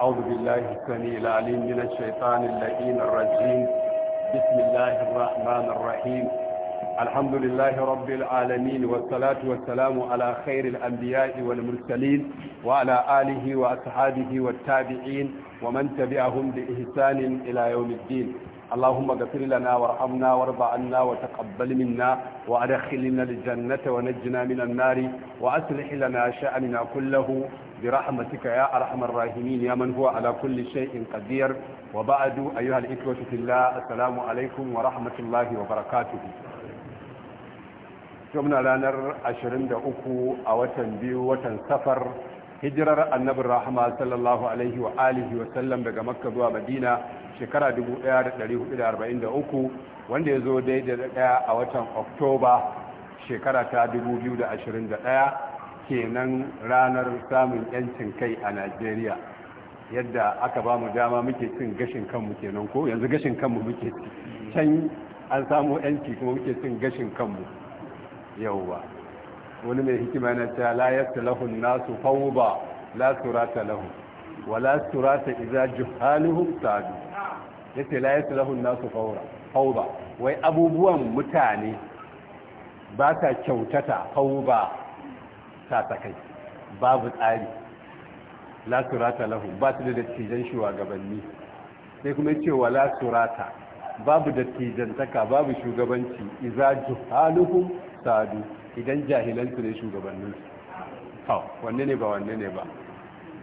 أعوذ بالله السميع العليم من الشيطان اللئيم الرجيم بسم الله الرحمن الرحيم الحمد لله رب العالمين والصلاة والسلام على خير الأنبياء والمرسلين وعلى آله وأصحابه والتابعين ومن تبعهم بإحسان إلى يوم الدين اللهم اغفر لنا وارحمنا وارض عنا وتقبل منا وادخلنا الجنة ونجنا من النار وأصلح لنا شأننا كله برحمتك يا أرحم الراحمين يا من هو على كل شيء قدير وبعد أيها الإخوة في الله السلام عليكم ورحمة الله وبركاته يومنا لانر عشرين دقوة أوتن بيو وتن سفر hijirar Annabi Rahma, sallallahu alaihi wa alihi wa sallam daga makka zuwa madina shekara 1443 wanda ya zo dai da daya a watan oktoba shekara ta 2021 kenan ranar samun yancin kai a najeriya yadda aka ba mu dama muke cin gashin kanmu kenan ko yanzu gashin kanmu muke ci can an samu yanci kuma muke cin gashin kanmu yauwa wani mai hikima na cewa la yastalahun nasu fawba la surata lahum wala surata idza juhaluhum sadu yace la yastalahun nasu fawra fawba wai abubuwan mutane ba ta kyautata fawba sasakai babu tsari la surata lahu ba su da dattijan shugabanni sai kuma ce wa la surata babu dattijantaka babu shugabanci iza juhaluhum sadu idan jahilansu ne shugabannin su wanne ne ba wanne ne ba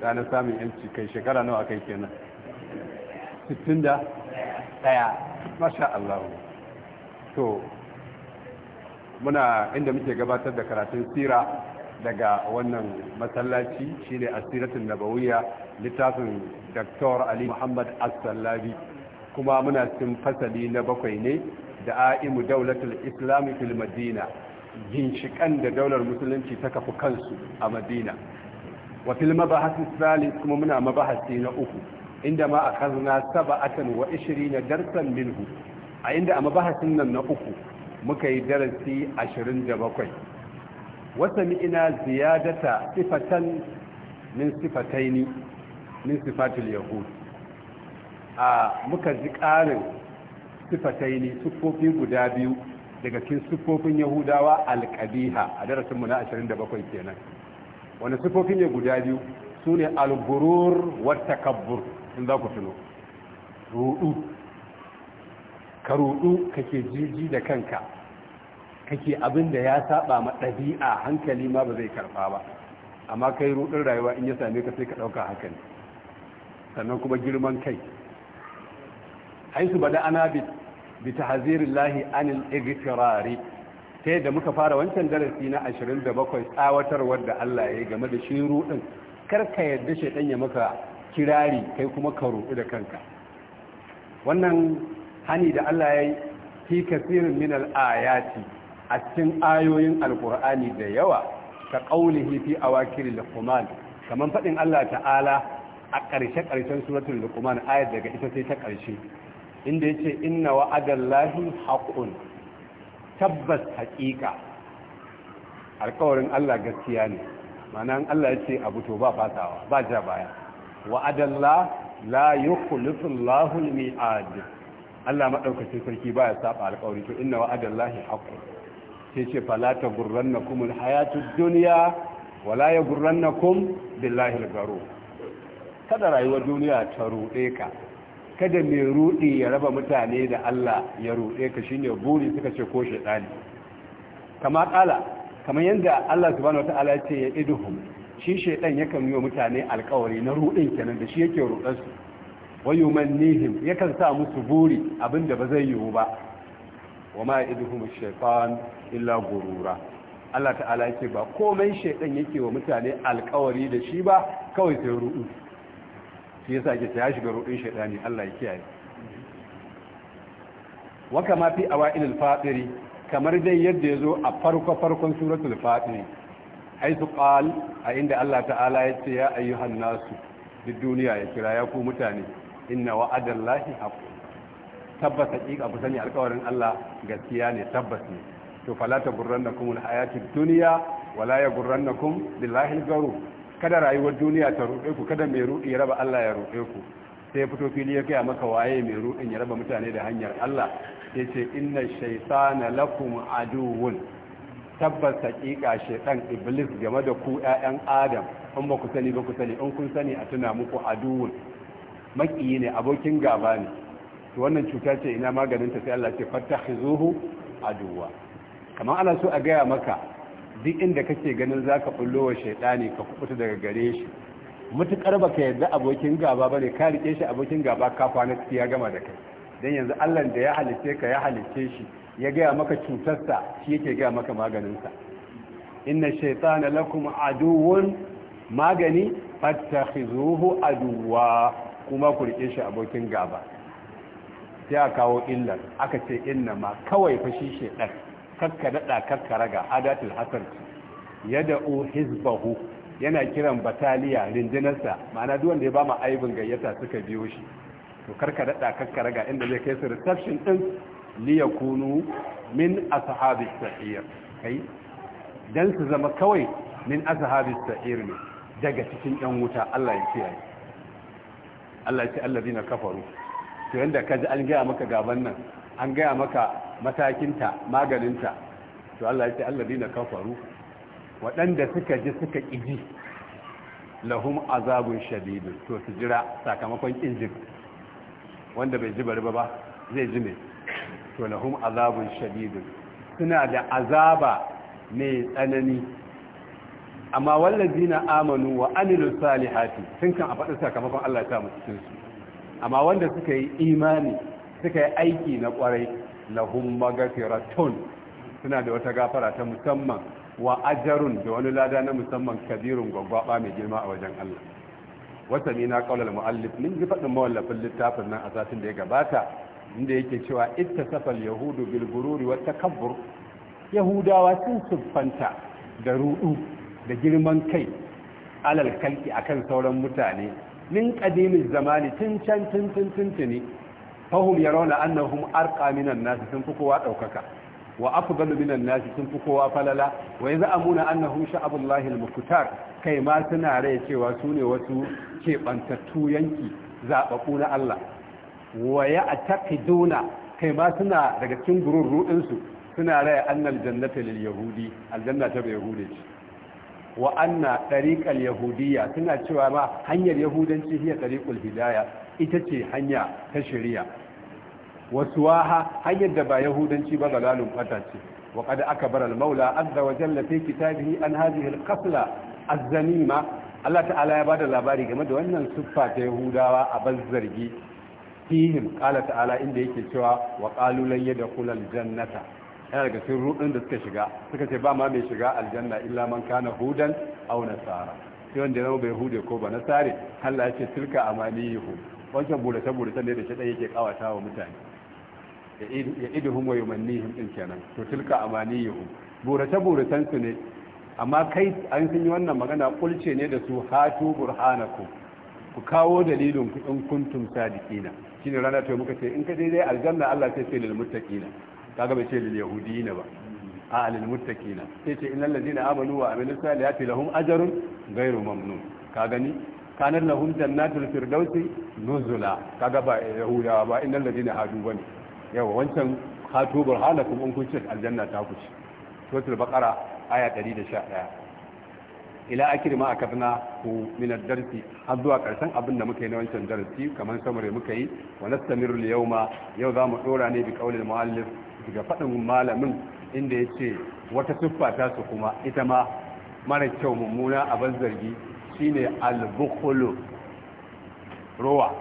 ranar samun yanci kai shekara nawa kai kenan 60 da daya masha Allah to muna inda muke gabatar da karatun sira daga wannan masallaci shine asiratul nabawiyya littafin Dr. Ali Muhammad As-Sallabi kuma muna cikin fasali na bakwai ne da aimu daulatul Islam fil Madina ginshikan da daular musulunci ta kafu kansu a Madina wa fil mabahas salis kuma muna mabahasi na uku inda ma akhadna sab'atan wa 20 darsan minhu a inda a mabahasin nan na uku muka yi darasi 27 ziyadata sifatan min sifataini, min sifatul yahud A muka ji ƙarin sifataini, ne siffofi guda biyu daga cikin sifofin yahudawa alƙabiha a darasinmu na 27 kenan wani siffofi ne guda biyu su ne algurur wata kabbur in za ku tuno Ruɗu, ka ruɗu kake jiji da kanka kake abin da ya saba ma ɗabi'a hankali ma ba zai karfa ba amma kai rudin rayuwa in ya same ka sai ka ɗauka haka sannan kuma girman kai haisu bada ana bi hazirin lahi anil igtirari ta yadda muka fara wancan darasi na 27 tsawatar wadda Allah ya yi game da shi rudin kar ka yadda shi ya maka kirari kai kuma ka rudu da kanka wannan hani da Allah ya yi fi kasirin min al-ayati a cikin ayoyin alkur'ani da yawa ka ƙaunihi a wakilin lukuman kamar faɗin Allah ta'ala a ƙarshe ƙarshen suratun lukuman ayat daga ita sai ta ƙarshe inda yace inna wa'adallahi haƙun tabbas haƙiƙa alƙawarin Allah gaskiya ne ma'ana Allah ya ce abu to ba fatawa ba ja baya wa'adallah la yukhlifu Allah sarki baya saba alƙawarin, to inna wa'adallahi sai ce fala ta gurranna kumul hayatud duniya wala ya gurranna kum billahi garo kada rayuwar duniya ta ruɗe ka kada mai ruɗi ya raba mutane da Allah ya ruɗe ka shine buri suka ce ko shaitani kama kala kamar yadda Allah subhanahu wataala ya ce ya iduhum shi shaitan yakan yi wa mutane alkawari na ruɗin kenan da shi yake ruɗar su wa ya yakan sa musu buri abinda ba zai yiwu ba wa ma ya'iduhum ash-shaytan illa gurura Allah ta'ala yake ba komai shaytan yake wa mutane alƙawari da shi ba kawai sai ru'u shi yasa yake ya shiga ru'un shaytani Allah ya kiyaye wa kama fi awail al-fatiri kamar dai yadda yazo a farko farkon suratul fatiri haitu qal a inda Allah ta'ala yace ya ayyuhan nasu duk duniya ya kira ya ku mutane inna wa'adallahi haqqun tabbas ƙiƙa ku sani alƙawarin Allah gaskiya ne tabbas ne to fala ta gurrannakum alhayatid dunya wala yagurrannakum billahi algaru kada rayuwar duniya ta ruɗe ku kada mai ruɗi ya raba Allah ya ruɗe ku sai fito fili ya kai maka waye mai ruɗin ya raba mutane da hanyar Allah yace ce inna shaytana lakum aduwun tabbas haƙiƙa shaytan iblis game da ku ƴaƴan adam in ba ku sani ba ku sani in kun sani a tuna muku aduwun makiyi ne abokin gaba ne to wannan cuta ce ina maganinta sai Allah ce fattakhizuhu aduwa kamar ana so a gaya maka duk inda kake ganin zaka bullo wa shaytani ka kubuta daga gare shi mutukar baka yarda abokin gaba ba ne ka rike shi abokin gaba ka kwana ya gama da kai dan yanzu Allah da ya halice ka ya halice shi ya gaya maka cutarsa shi yake gaya maka maganinsa inna shaitana lakum aduwwun magani fattakhizuhu aduwa kuma ku rike shi abokin gaba sai a kawo illar aka ce inna ma kawai fashi shaidan kakka daɗa kakka raga adatul hasan yada u hizbahu yana kiran bataliya rindinarsa ma'ana duk wanda ya ba mu aibin gayyata suka biyo shi to karka daɗa kakka raga inda zai kai su reception ɗin li kunu min ashabi sa'ir kai dan su zama kawai min ashabi sa'ir ne daga cikin ɗan wuta Allah ya kiyaye Allah ya ce allazina kafaru to yadda ka ji an gaya maka gaban nan an gaya maka matakinta maganinta to Allah ya ce alladina kafaru waɗanda suka ji suka ƙiji lahum azabun shabibin, to su jira sakamakon ƙinjin wanda bai ji bari ba ba zai ji ne to lahum azabun shabibin, suna da azaba mai tsanani amma wallazina amanu wa amilu salihati sun kan a faɗi sakamakon Allah ya sa mu cikin su amma wanda suka yi imani suka yi aiki na kwarai lahum magfiratun suna da wata gafara ta musamman wa ajarun da wani lada na musamman kabirun gwagwaba mai girma a wajen Allah wata ni na kaular mu'allif min ji faɗin mawallafin littafin nan a satin da ya gabata inda yake cewa ittasafal safar yahudu bil gururi wa yahudawa sun siffanta da rudu da girman kai alal kalki akan sauran mutane min qadimiz zamani tun can tun tun tun tuni fahum yarawna annahum arqa minan nas sun fi kowa ɗaukaka. wa afdalu minan nas sun fi kowa falala wa yaz'amuna annahum sha'abullahi al-muktar kai ma suna rai cewa su ne wasu ke yanki zababu na Allah wa ya'taqiduna kai ma suna daga cikin ruɗinsu, suna raya annal jannata lil yahudi aljanna ta yahudi ce wa anna tariqal yahudiyya suna cewa ma hanyar yahudanci hiya tariqul hidaya ita ce hanya ta shari'a waha hanyar da ba yahudanci ba galalun fata ce wa qad akbara al maula azza wa jalla fi kitabihi an hadhihi al qasla az-zanima Allah ta'ala ya bada labari game da wannan siffa ta yahudawa a bazzargi fihim qala ta'ala inda yake cewa wa qalu lan yadkhulal jannata yana daga cikin rudin da suka shiga suka ce ba ma mai shiga aljanna illa man kana hudan aw nasara sai wanda ya zama bai hude ko ba nasare Allah ya ce tilka amanihu wancan burace burace ne da shi yake kawata wa mutane ya idhum wa yumannihim din kenan to tilka amaniyuhum burace buracen su ne amma kai an sun yi wannan magana kulce ne da su hatu burhanakum ku kawo dalilin ku in kuntum sadiqina shine rana to muka ce in ka dai aljanna Allah sai sai lil muttaqina kaga bai ce lil yahudiyina ba hmm. a alil muttaqina sai ce innal ladina amanu wa amilus salihati lahum ajrun ghairu mamnun ka gani kanar lahum jannatul firdausi nuzula kaga ba yahudawa ba innal ladina hadu bane yawa wancan hatu burhanakum in kun ce aljanna ta kuce suratul baqara aya 111 ila akiri ma akadna ku min ad-darsi har zuwa karshen abin da muka yi na wancan darasi kamar samare muka yi wa nastamiru al-yawma yau zamu dora ne bi qawli al-muallif daga faɗin malamin inda ya ce wata siffa ta su kuma ita ma mara kyau mummuna a ban zargi shine albukulu rowa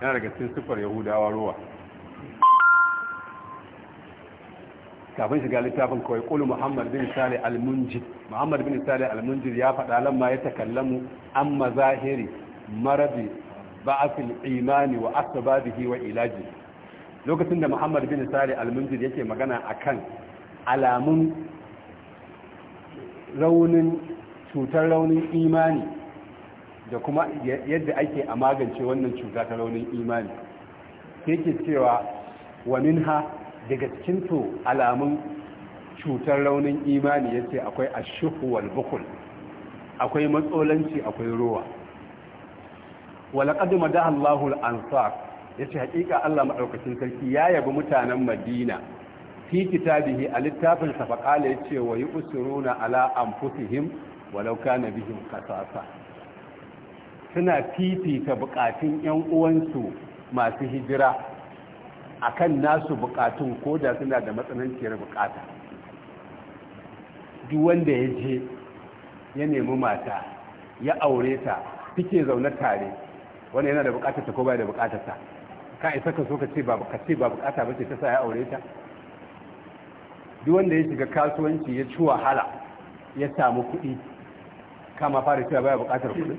yana daga cikin siffar yahudawa rowa kafin shiga littafin kawai kulu muhammad bin sale almunjid muhammad bin sale almunjid ya faɗa lamma ya takallamu an mazahiri a ba'afil imani wa asbabihi wa ilaji lokacin da muhammad bin sari almunjir yake magana akan alamun raunin cutar raunin imani da kuma yadda ake a magance wannan cuta ta raunin imani yake cewa wa ha daga cikin alamun cutar raunin imani ya ce akwai ashuhu bukul akwai matsolanci akwai ruwa wa kadu madahallahu Allahu al-ansar Ya ce haƙiƙa Allah maɗaukacin sarki ya yabi mutanen Madina fi kitabihi a littafin safaƙala ya ce wa na ala anfusihim walau na bihin kasasa suna fifita buƙatun yan uwansu masu hijira A kan nasu buƙatun ko da suna da matsananciyar buƙata. duk wanda ya je ya nemi mata ya aure ta suke zaune tare wanda yana da bukatarsa ko bai da bukatarsa ka isa ka so ka ce ba ka ba ce ta sa ya aure ta duk wanda ya shiga kasuwanci ya ci wahala ya samu kuɗi kama fara cewa baya bukatar kuɗi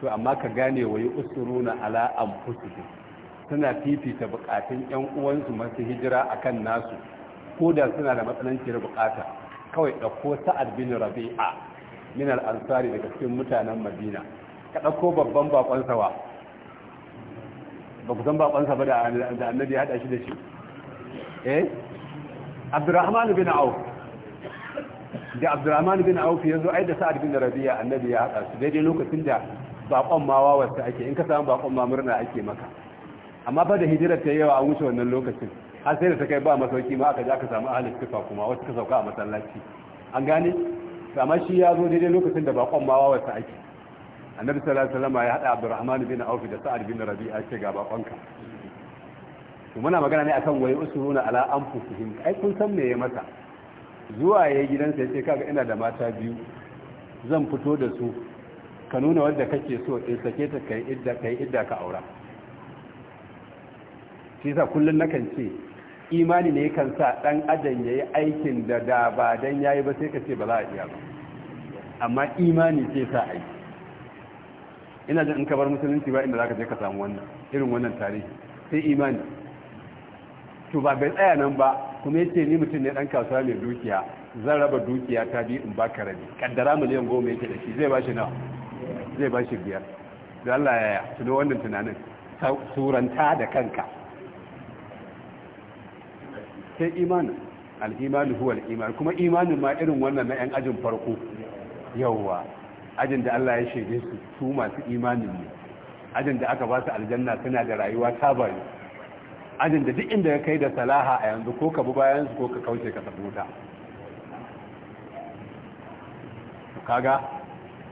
to amma ka gane wa yi usuruna ala anfusihim suna fifita bukatun yan uwansu masu hijira akan nasu ko da suna da matsananciyar bukata kawai ɗauko sa'ad bin rabi'a min al-ansari daga cikin mutanen madina ka ɗauko babban bakon sawa ba ku san bakonsa ba da annabi ya hada shi da shi eh abdurrahman bin auf da abdurrahman bin auf ya zo aida da sa'ad bin rabi'a annabi ya hada su daidai lokacin da bakon ma wawarsa ake in ka samu bakon ma murna ake maka amma ba da hijirar ta yawa an wuce wannan lokacin har sai da ta kai ba masauki ma aka je aka samu ahalin sifa kuma wasu ka sauka a masallaci an gane amma shi ya zo daidai lokacin da bakon ma wawarsa ake annabi sallallahu alaihi wasallam ya hada abdurrahman bin auf da sa'ad bin rabi'a ce ga bakonka to muna magana ne akan wai usuruna ala anfusihim ai kun san me ya masa zuwa yayi gidansa yace kaga ina da mata biyu zan fito da su ka nuna wanda kake so in sake ta kai idda kai idda ka aura shi yasa kullun nakan ce imani ne yakan sa dan adam yayi aikin da da ba dan yayi ba sai ka ce ba za a iya ba amma imani ce sa aiki ina jin in ka bar musulunci ba inda za ka je ka samu wannan irin wannan tarihi sai imani to ba bai tsaya nan ba kuma yace ni mutum ne dan kasuwa mai dukiya zan raba dukiya ta bi in baka rabi kaddara miliyan goma yake da shi zai bashi nawa zai bashi biyar da Allah ya tuno wannan tunanin suranta da kanka sai imanin al'imani huwa al-iman kuma imanin ma irin wannan na 'yan ajin farko yawwa. ajin da Allah ya shaide su su masu imanin ne ajin da aka ba su aljanna suna da rayuwa ta bari ajin da duk inda ya kai da salaha a yanzu ko ka bi bayan su ko ka kauce ka sabuta kaga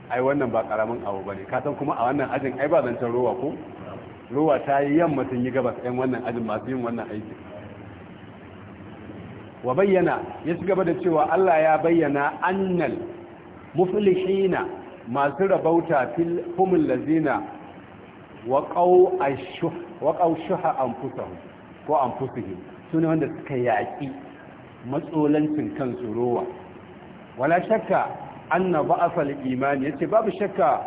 ai wannan ba karamin abu bane ka san kuma a wannan ajin ai ba zancen rowa ko rowa ta yi yamma sun yi gabas ɗan wannan ajin masu yin wannan aikin wa bayyana ya ci gaba da cewa Allah ya bayyana annal muflihina masu rabauta fil humul lazina waqaw ashuh waqaw shuha anfusahum ko anfusihim sune wanda suka yaki matsolancin kansu rowa wala shakka anna ba'af imani ya ce babu shakka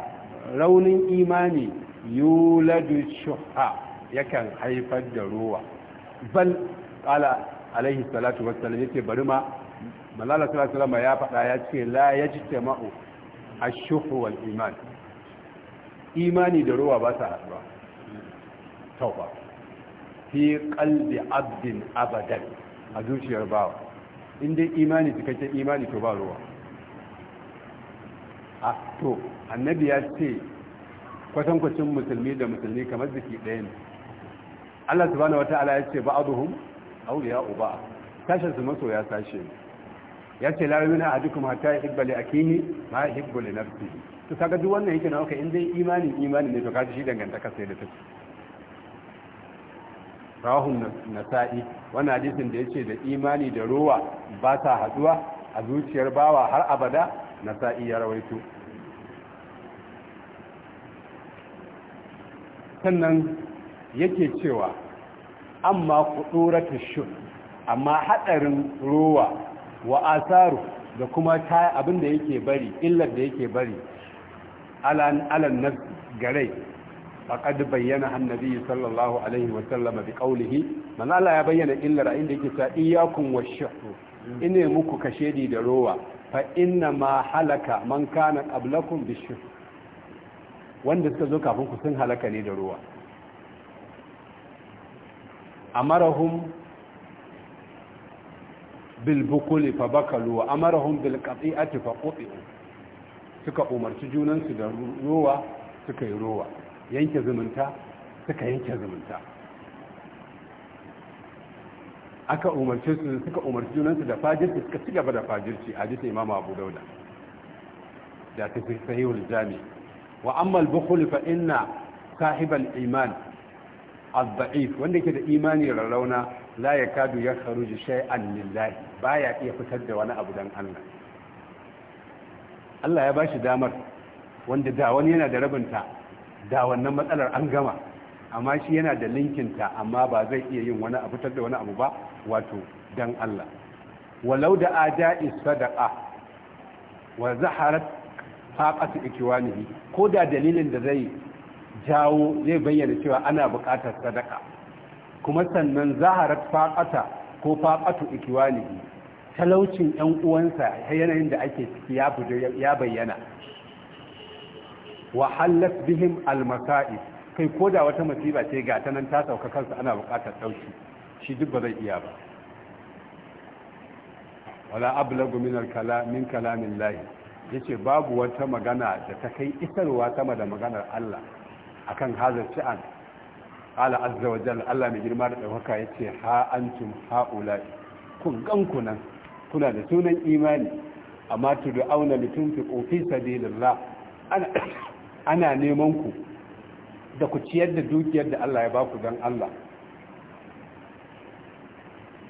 raunin imani yuladu shuha yakan haifar da rowa bal qala alaihi salatu ya ce bari ma malala Salatu alaihi ya faɗa ya ce la yajtama'u ashuhu wal iman imani da ruwa ba ta haɗuwa tauba fi qalbi abdin abadan a zuciyar bawa in dai imani cikakken imani to ba ruwa a to annabi ya ce kwatankwacin musulmi da musulmi kamar jiki ɗaya ne Allah subhanahu wataala ya ce ba'aduhum awliya'u ba'd tashin su maso ya sashe ne ya ce a yumina mata ya hibbali a kini ma ya hibbali na fi to ta duk wannan yake na in dai imanin imanin ne to kaji shi dangantaka sai da take rahun Sa'i wannan hadisin da ya ce da imani da ruwa ba ta haduwa a zuciyar bawa har abada na Sa'i ya rawaito sannan yake cewa amma kuduratu shur amma hadarin ruwa wa asaru da kuma abin da yake bari illar da yake bari alan na garai kadu bayyana annabi sallallahu alaihi wa sallama bi qawlihi man Allah ya bayyana illar inda yake cewa iyyakum wash ine muku kashedi da rowa fa inna ma halaka man kana qablakum bish wanda suka zo kafin ku sun halaka ne da rowa amarahum bilbukuli fa bakalu wa amarahum bil qati'ati fa quti'u suka umarci junansu da rowa suka yi ruwa, yanke zumunta suka yanke zumunta aka umarci su suka umarci junansu da fajirci suka ci gaba da fajirci a jisa Imama abu dauda da ta fi sahihul jami wa amma al-bukhul fa inna sahibal iman al-da'if wanda yake da imani rarrauna la ya kadu ya kharuji shay'an lillahi baya iya fitar da wani abu dan Allah Allah ya bashi damar wanda da wani yana da rabinta da wannan matsalar an gama amma shi yana da linkinta amma ba zai iya yin wani abu fitar da wani abu ba wato dan Allah walau da aja'i sadaqa wa zaharat faqatu ikwanihi ko da dalilin da zai jawo zai bayyana cewa ana buƙatar sadaka kuma sannan zaharar faƙata ko faƙatu ikiwanihi talaucin ‘yan uwansa ta yanayin da ake ciki ya bayyana Wahalar bihim almasa'i kai ko da wata masiba ce ga ta ta sauka kansa ana buƙatar ɗauki shi duk ba zai iya ba wala ablagu min kalamin kalamin lahi yace babu wata magana da ta kai isarwa sama da maganar Allah akan hazar shi'an qala azza wa jalla Allah mai girma da ɗaukaka yace ha antum haula'i kun ganku nan kuna da sunan imani amma to auna litunfiqu fi sabilillah ana ana neman ku da ku ciyar da dukiyar da Allah ya baku don Allah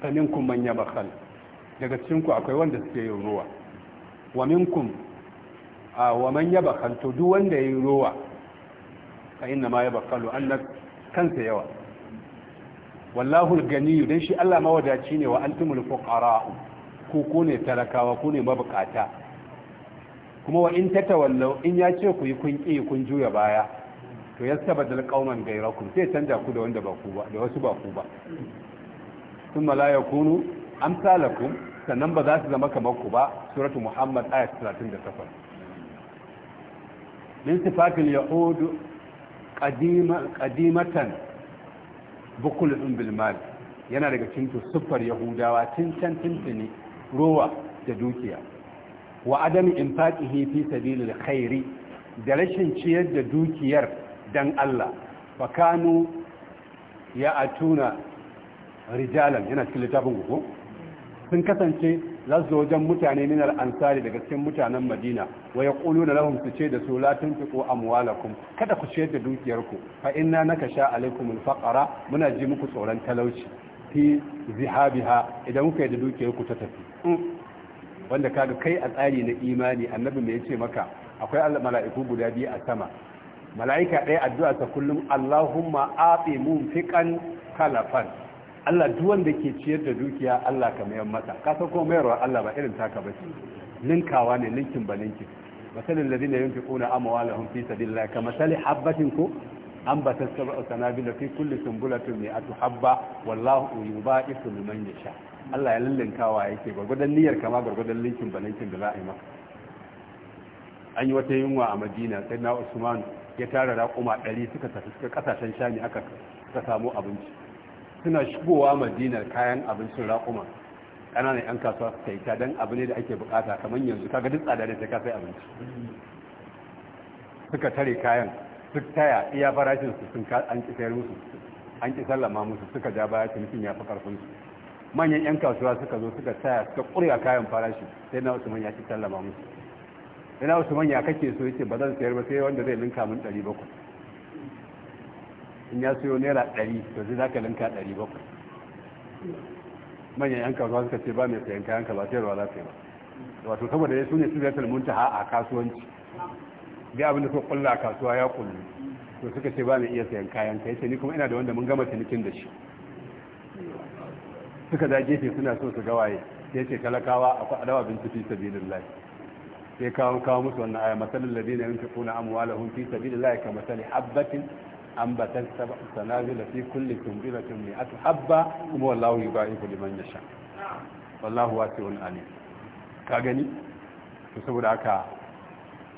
faminkum manya yabkhal daga cikin ku akwai wanda suke yin ruwa wa minkum wa man yabkhal to duk wanda yayin ruwa fa inna ma yabkhalu an kansa yawa wallahu ganiyu dan shi Allah mawadaci ne wa antumul fuqara ku ku ne talakawa ku ne mabukata kuma wa in tatawallau in ya ce ku yi kun ki kun juya baya to yastabadal qauman ghayrakum sai canja ku da wanda ba ku ba da wasu ba ku ba thumma la yakunu amsalakum sannan ba za su zama kamar ku ba suratu muhammad ayat 38 min sifatil yahud ƙadimatan Bukul bilmal yana daga cinto siffar yahudawa tincan tintini rowa da dukiya wa in infaqihi fi sabilil khairi da rashin ciyar da dukiyar dan Allah Bakano kanu ya atuna rijalan yana cikin littafin gugu sun kasance za wajen mutane minar ansari daga cikin mutanen madina wa ya ƙulu na lahun su ce da su latin fiko amwalakum kada ku ce da dukiyarku fa inna naka sha alaikum alfaqara muna ji muku tsoron talauci fi zihabiha idan muka yi da dukiyarku ta tafi wanda kaga kai a tsari na imani annabi me yace maka akwai mala'iku guda biyu a sama mala'ika ɗaya addu'a ta kullum Allahumma afi munfiqan kalafan Allah duk wanda ke ciyar da dukiya Allah ka mayar mata ka san ko mayarwa Allah ba irin taka ba bace ninkawa ne ninkin ba ninkin masalin ladina yunfiquna amwalahum fi sabilillah ka masali habbatin ko an ba ta saba sanabila fi kulli sumbulatin mi'atu habba wallahu yubaisu liman yasha Allah ya lullunkawa yake gwargwadon niyyar kama ninkin linkin ninkin da za a yi maka an yi wata yunwa a madina sai na usman ya tara raƙuma ɗari suka tafi suka ƙasashen shani aka samu abinci suna shigowa madinar kayan abincin raƙuma ƙananan 'yan kasuwa su yi ta don abu ne da ake bukata kamar yanzu ga duk tsada ne sai ka abinci suka tare kayan su taya iya farashin su sun an ki sayar musu an ki sallama musu suka ja baya cinikin ya fi karfin su manyan 'yan kasuwa suka zo suka taya suka ƙurya kayan farashi sai na wasu ya ki sallama musu sai na wasu manya kake so yake ba zan sayar ba sai wanda zai ninka min bakwai in ya siyo naira ɗari to zai zaka linka ɗari bakwai manyan yan kasuwa suka ce ba mai sayan kayan ka ba sayarwa za ta ba wato saboda ya sune su zai ta a kasuwanci ga abin da suka kulla a kasuwa ya kullu to suka ce ba mai iya sayan kayan ka yace ni kuma ina da wanda mun gama cinikin da shi suka da gefe suna so su gawaye sai ce talakawa akwai adawa bin fi sabilillah sai kawo kawo musu wannan aya masalin ladina yunfiquna amwalahum fi ka kamathali habatin An ambatan sanazila fi kulli tumbilatin mai atu habba kuma wallahu yubaiku manya yasha wallahu wani alim ka gani to saboda haka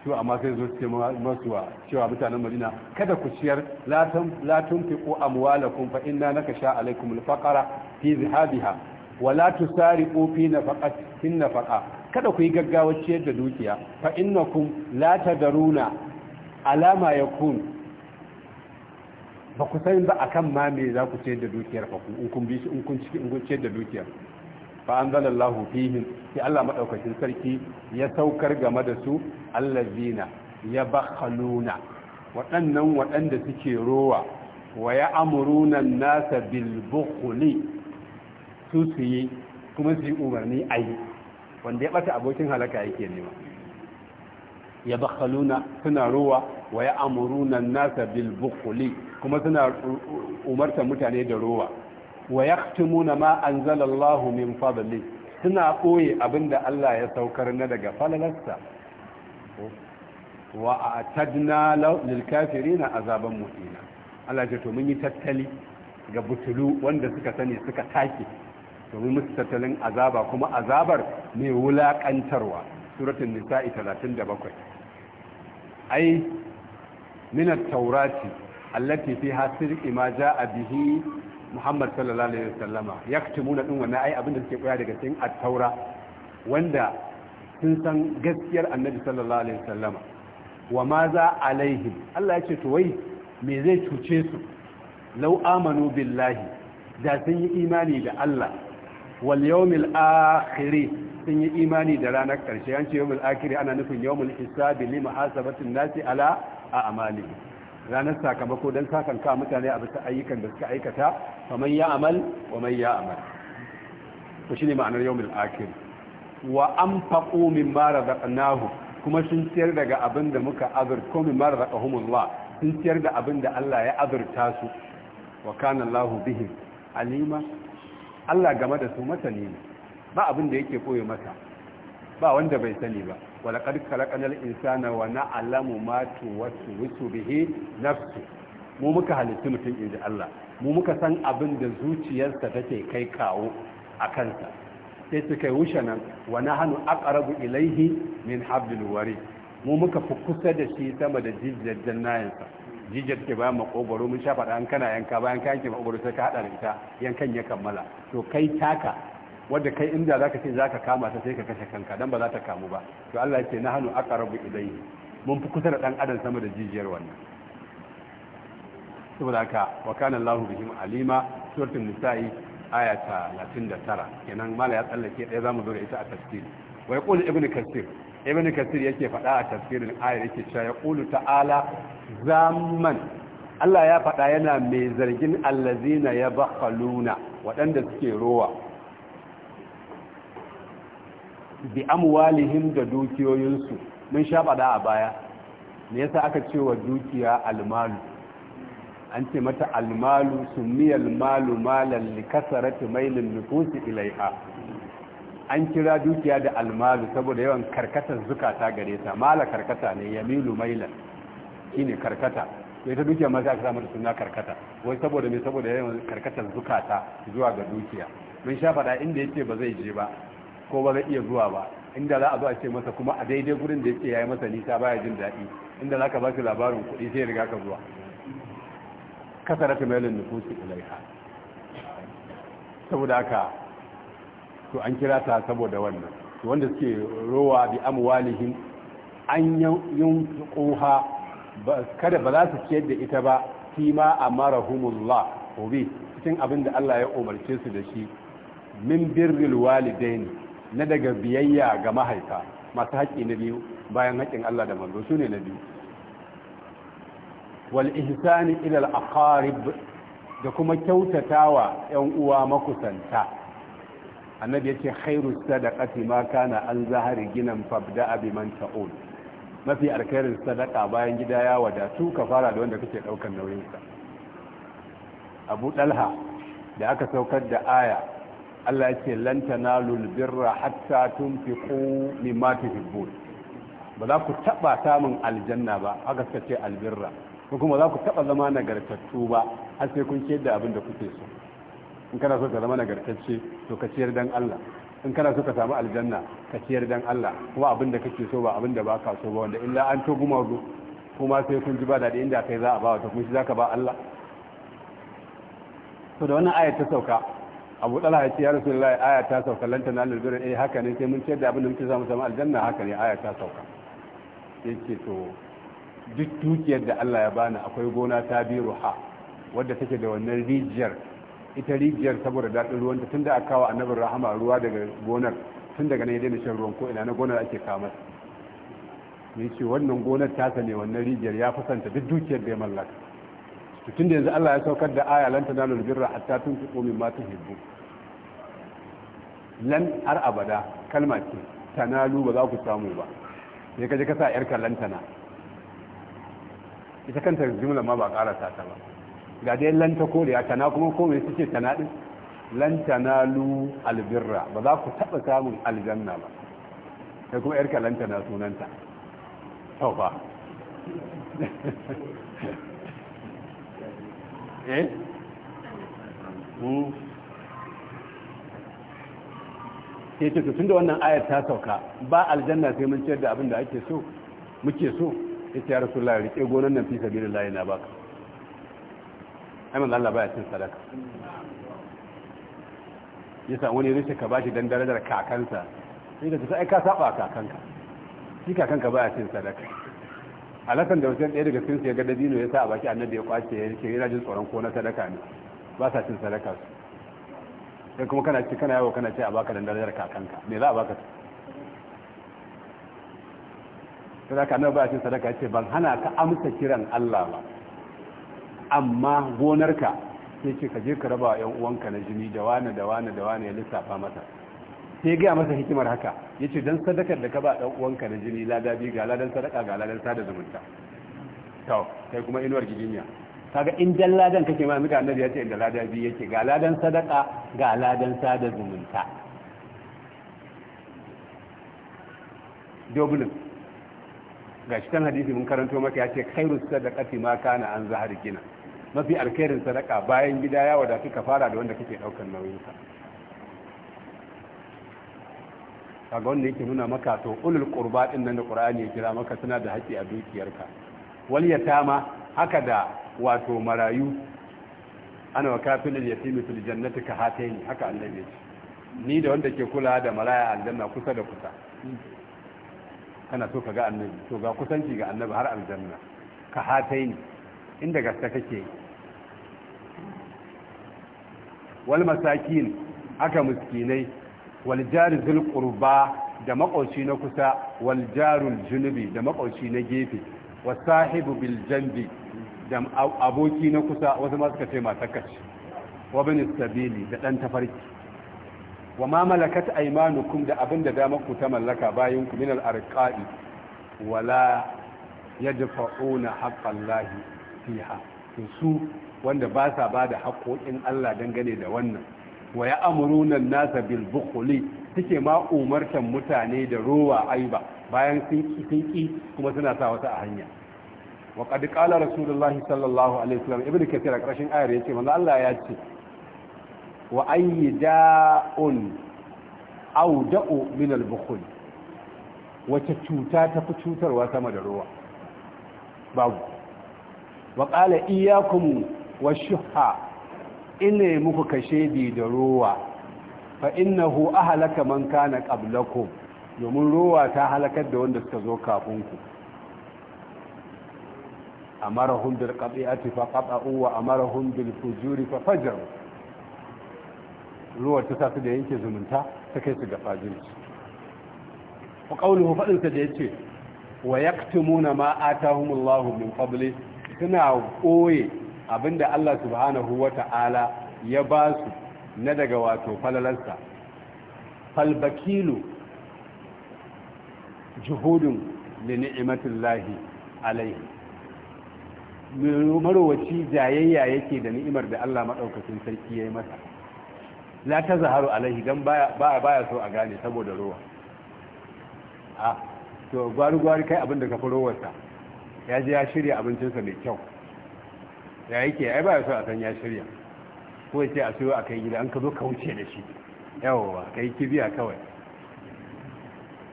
su amma sai zo ce masuwa cewa mutanen Madina kada ku ciyar la tunfiqu amwalakum fa inna sha alaikum alfaqara fi zihabiha wa la tusariqu fi na nafaqa kada ku yi gaggawa ciyar da dukiya fa innakum la tadaruna alama yakun ba ku san ba akan ma me za ku ce da dukiyar fa in kun bi shi in kun ciki in kun ce da dukiyar fa anzalallahu fihi sai Allah madaukakin sarki ya saukar game da su allazina yabkhaluna waɗannan waɗanda suke rowa wa amuruna nasa bil bukhli su su yi kuma su yi umarni a yi wanda ya bata abokin halaka yake nema ya bakhaluna suna ruwa wa ya amuruna nasa bil bukhli kuma suna umartar mutane da rowa wa na ma anzalallahu min fadli suna ɓoye abinda Allah ya saukar na daga falalarsa wa atadna lil kafirina azaban muhina Allah ya to mun yi tattali ga butulu wanda suka sani suka take domin musu tattalin azaba kuma azabar mai wulaƙantarwa suratun nisa'i 37 ai minat taurati allati fi hasir ima ja'a bihi Muhammad sallallahu alaihi wasallama yaktumuna din wannan ai abin da suke koya daga cikin at-taura wanda sun san gaskiyar annabi sallallahu alaihi wasallama wa ma za alaihim Allah ya ce to wai me zai cuce su law amanu billahi da sun yi imani da Allah wal yawmil akhir sun yi imani da ranar karshe an ce yawmul akhir ana nufin yawmul hisabi li muhasabatin nasi ala a'malihim ranar sakamako don sakanka mutane a bisa ayyukan da suka aikata kamar ya amal wa mai ya amal to shine ma'anar yawmil akhir wa anfaqu mimma razaqnahu kuma sun ciyar daga abin da muka azurta mimma razaqahumullah sun ciyar da abin da Allah ya azurta su wa kana Allahu bihim alima Allah game da su masani ne ba abin da yake koyo masa ba wanda bai sani ba walaqad khalaqnal insana wa na'lamu ma tuwaswisu bihi nafsu mu muka halitta mutum inji Allah mu muka san abin da zuciyarsa take kai kawo a kansa sai su kai wuce nan wa nahnu aqrabu ilaihi min hablil warid mu muka fi kusa da shi sama da jijiyar jannayansa jijiyar ke bayan makogoro mun sha faɗa kana yanka bayan ka yanke makogoro sai ka haɗa da ita yankan ya kammala to kai taka wadda kai inda zaka ce zaka kama ta sai ka kashe kanka dan ba za ta kamu ba to Allah yake aka aqrabu ilayhi mun fi kusa da dan adam sama da jijiyar wannan saboda haka wa kana Allahu bihim alima suratul nisa'i aya da 39 kenan mala ya tsallake ɗaya zamu zo da ita a tafsir wa yaqulu ibnu kasir ibnu kasir yake faɗa a tafsirin aya yake cewa yaqulu ta'ala zaman Allah ya faɗa yana mai zargin allazina bakaluna waɗanda suke rowa bi amwalihim da dukiyoyinsu mun sha bada a baya me yasa aka ce wa dukiya almalu an ce mata almalu Sumiyal, malu malan likasarati mailin nufusi ilaiha an kira dukiya da almalu saboda yawan karkatar zukata gare ta mala karkata ne yamilu mailan shine karkata sai ta dukiya ma za ka samu suna karkata wai saboda me saboda yawan karkatar zukata zuwa ga dukiya mun sha faɗa inda yace ba zai je ba ko ba zai iya zuwa ba inda za a zo a ce masa kuma a daidai gurin da yake yayi masa nisa baya jin daɗi inda za ka ba shi labarin kuɗi sai riga ka zuwa kasarata mailin nufusi ilaiha saboda haka to an kira ta saboda wannan to wanda suke rowa bi amwalihim an yunfiquha kada ba za su ciyar da ita ba fi ma amarahumullah ubi cikin abin da Allah ya umarce su da shi min birril walidaini na daga biyayya ga mahaifa masu haƙƙi na biyu bayan haƙƙin Allah da manzo su ne na biyu wal ihsani ila al aqarib da kuma kyautatawa ƴan uwa makusanta annabi yace khairu sadaqati ma kana an zahari ginan fabda bi man ta'ul mafi alkhairin sadaka bayan gida ya wadatu ka fara da wanda kake daukan nauyin Abu Dalha da aka saukar da aya Allah ya ce lan tanalul birra hatta tunfiqu mimma tuhibbun ba za ku taba samun aljanna ba haka suka ce albirra ko kuma za ku taba zama nagartattu ba har sai kun ce da abin da kuke so in kana so ka zama nagartacce to ka ciyar dan Allah in kana so ka samu aljanna ka ciyar dan Allah kuma abin da kake so ba abin da baka so ba wanda illa an to guma kuma sai kun ji ba daɗi inda kai za a ba wata kun shi zaka ba Allah to da wannan ayat ta sauka abu dala ya ce ya rasulullahi aya ta sauka lantan alal birra eh haka ne sai mun ce da abin da muke samu zama aljanna haka ne aya ta sauka ce to duk dukiyar da Allah ya bani akwai gona ta bi ruha wadda take da wannan rijiyar ita rijiyar saboda daɗin ruwan ta tun da aka kawo annabar rahama ruwa daga gonar tun daga nan ya daina shan ruwan ko ina na gonar ake kama mai ce wannan gonar ta sane wannan rijiyar ya fusanta duk dukiyar da ya mallaka tun da yanzu Allah ya saukar da aya lan tanalu birra hatta tunfiqu matan tuhibbu lan har abada kalma ce tanalu ba za ku samu ba sai ka je ka sa yar lantana ita kanta jumla ma ba karasa ta ba ga dai lanta koriya tana kuma ko me suke tana din lan tanalu albirra ba za ku taba samun aljanna ba sai kuma yar lantana sunanta ba eh hmm. sai ce to tunda wannan ayar ta sauka ba aljanna sai mun ciyar da abin da ake so muke so ce ya rasu rasulullahi ke gonan nan fi sabilillahi na baka ai manzo ya cin sadaka yasa wani rishi ka bashi don darajar kakansa sai ka sai ka saba kakanka shi kakanka ya cin sadaka alasan da wajen ɗaya daga cikin su ya ga dabino ya sa a baki annabi ya kwace ya ce yana jin tsoron ko na sadaka ne ba sa cin sadaka su kai kuma kana ci kana yawo kana ce a baka dan darajar kakanka me za a baka sadaka annabi ba shi sadaka ce ban hana ka amsa kiran Allah ba amma gonarka sai ce ka je ka raba yan uwanka na jini da wani da wani da wani ya lissafa mata sai gaya masa hikimar haka yace dan sadakar da ka ba ɗan uwanka na jini lada biyu ga ladan sadaka ga ladan sada zumunta to kai kuma inuwar gidinya kaga in dan ladan kake ma mutane annabi ya ce da Ladan biyu yake ga ladan sadaka ga ladan sada zumunta dublin shi kan hadisi mun karanto maka ya ce khairu sadaqati ma kana an zahar gina mafi alkhairin sadaka bayan gida ya wadatu ka fara da wanda kake daukar nauyin Ka kaga wanda yake nuna maka to ulul qurba din nan da qur'ani ya kira maka suna da haƙi a dukiyarka wal yatama haka da wato marayu ana wa kafilul yatimi fil jannati ka ni haka annabi ce ni da wanda ke kula da maraya aljanna kusa da kusa kana so ka ga annabi to ga kusanci ga annabi har aljanna ka hataini inda gaske kake wal masakin haka miskinai wal jari zul qurba da makwauci na kusa wal jarul junubi da makwauci na gefe wasahibu bil janbi da aboki na kusa wasu masu suka ce matakar wa bin sabili da dan tafarki wa ma malakat aymanukum da abin da dama ku ta mallaka bayan ku min al-arqa'i wala yadfa'una haqqallahi fiha to su wanda ba sa ba da haƙoƙin Allah dangane da wannan wa ya amuruna nasa bil bukhli suke ma umartan mutane da rowa aiba bayan sun ki kuma suna sa wata a hanya wa qad qala rasulullahi sallallahu alaihi wasallam ibnu kathir a ƙarshen ayar yace manzo Allah ya ce wa ayyida'un auda'u min al-bukhul wace cuta ta fi cutarwa sama da ruwa babu wa qala iyyakum washuhha inna muku kashedi da ruwa fa innahu ahlaka man kana qablakum domin ruwa ta halakar da wanda suka zo kafin ku amarahum bil qati'ati fa qata'u wa amarahum bil fujuri fa fajaru ruwa ta sa su da yake zumunta ta kai su ga fajirci wa qawluhu fadin sa da yace wa yaktumuna ma atahumullahu min fadli suna koyi abinda Allah subhanahu wata'ala ya ba su na daga wato Fal bakilu juhudun li ni'matillahi alaihi marowaci jayayya yake da ni'imar da Allah maɗaukacin sarki ya yi masa la ta zaharu alaihi don baya so a gane saboda rowa a to gwari-gwari kai abin da ka fi rowarsa ya ji ya shirya abincinsa mai kyau ya ke, ai baya so a san ya shirya ko ya ce a siyo a kai gida an ka zo ka wuce da shi yawowa ka yi kibiya kawai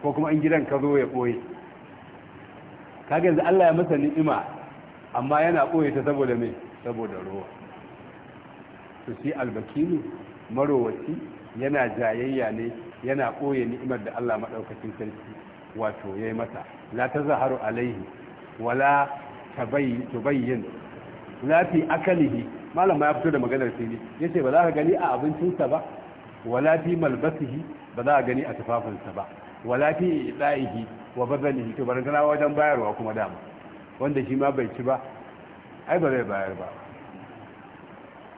ko kuma an gidan ka zo ya ɓoye kaga yanzu Allah ya masa ni'ima amma yana ɓoye ta saboda mai saboda ruwa su shi albakinu marowaci yana jayayya ne yana ɓoye ni'imar da allah maɗaukacin sarki wato ya yi masa la ta zaharu alaihi wala tubayyin la fi akalihi malama ya fito da maganar fili ya ce ba za ka gani a abincinsa ba wala fi malbasihi ba za ka gani a tufafinsa ba wala fi ɗa'ihi wa bazanihi to barantana wajen bayarwa kuma dama wanda shi ma bai ci ba ai ba zai bayar ba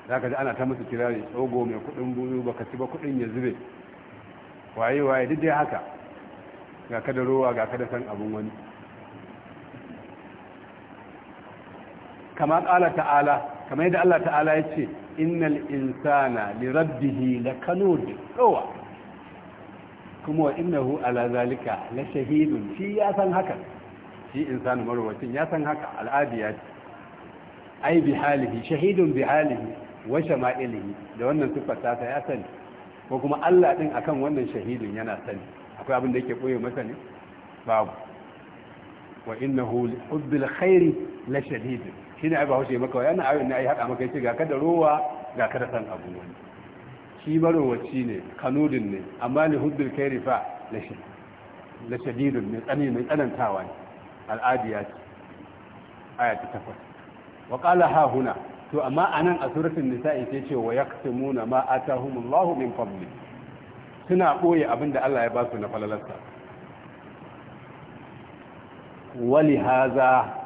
za ka ji ana ta musu kirari tsogo mai kudin buyu ba ka ci ba kudin ya zube waye waye duk dai haka ga kada ruwa ga kada san abin wani kama ƙala ta'ala kamar yadda Allah ta'ala ya ce innal insana li rabbihi lakanud kowa kuma wa innahu ala zalika la shahidun shi ya san haka shi insanu marwacin ya san haka al'adiyat ai bi halihi shahidun bi halihi wa shama'ilihi da wannan siffata ta ya sani ko kuma Allah din akan wannan shahidin yana sani akwai abin da yake koyo masa ne babu wa innahu hubbil khairi la shadid shine ai ba hoshe maka wa yana ayoyin ai hada maka yace ga kada ruwa ga kada san abu wani shi marowaci ne kanudin ne amma li hubbil khairi fa la shadid la shadid mai tsanani mai tsanantawa ne al'adiyat ayat ta takwas wa qala ha huna to amma anan a suratul nisa'i sai ce wa yaktumuna ma atahumullahu min fadli suna boye abinda Allah ya basu na falalarsa wali haza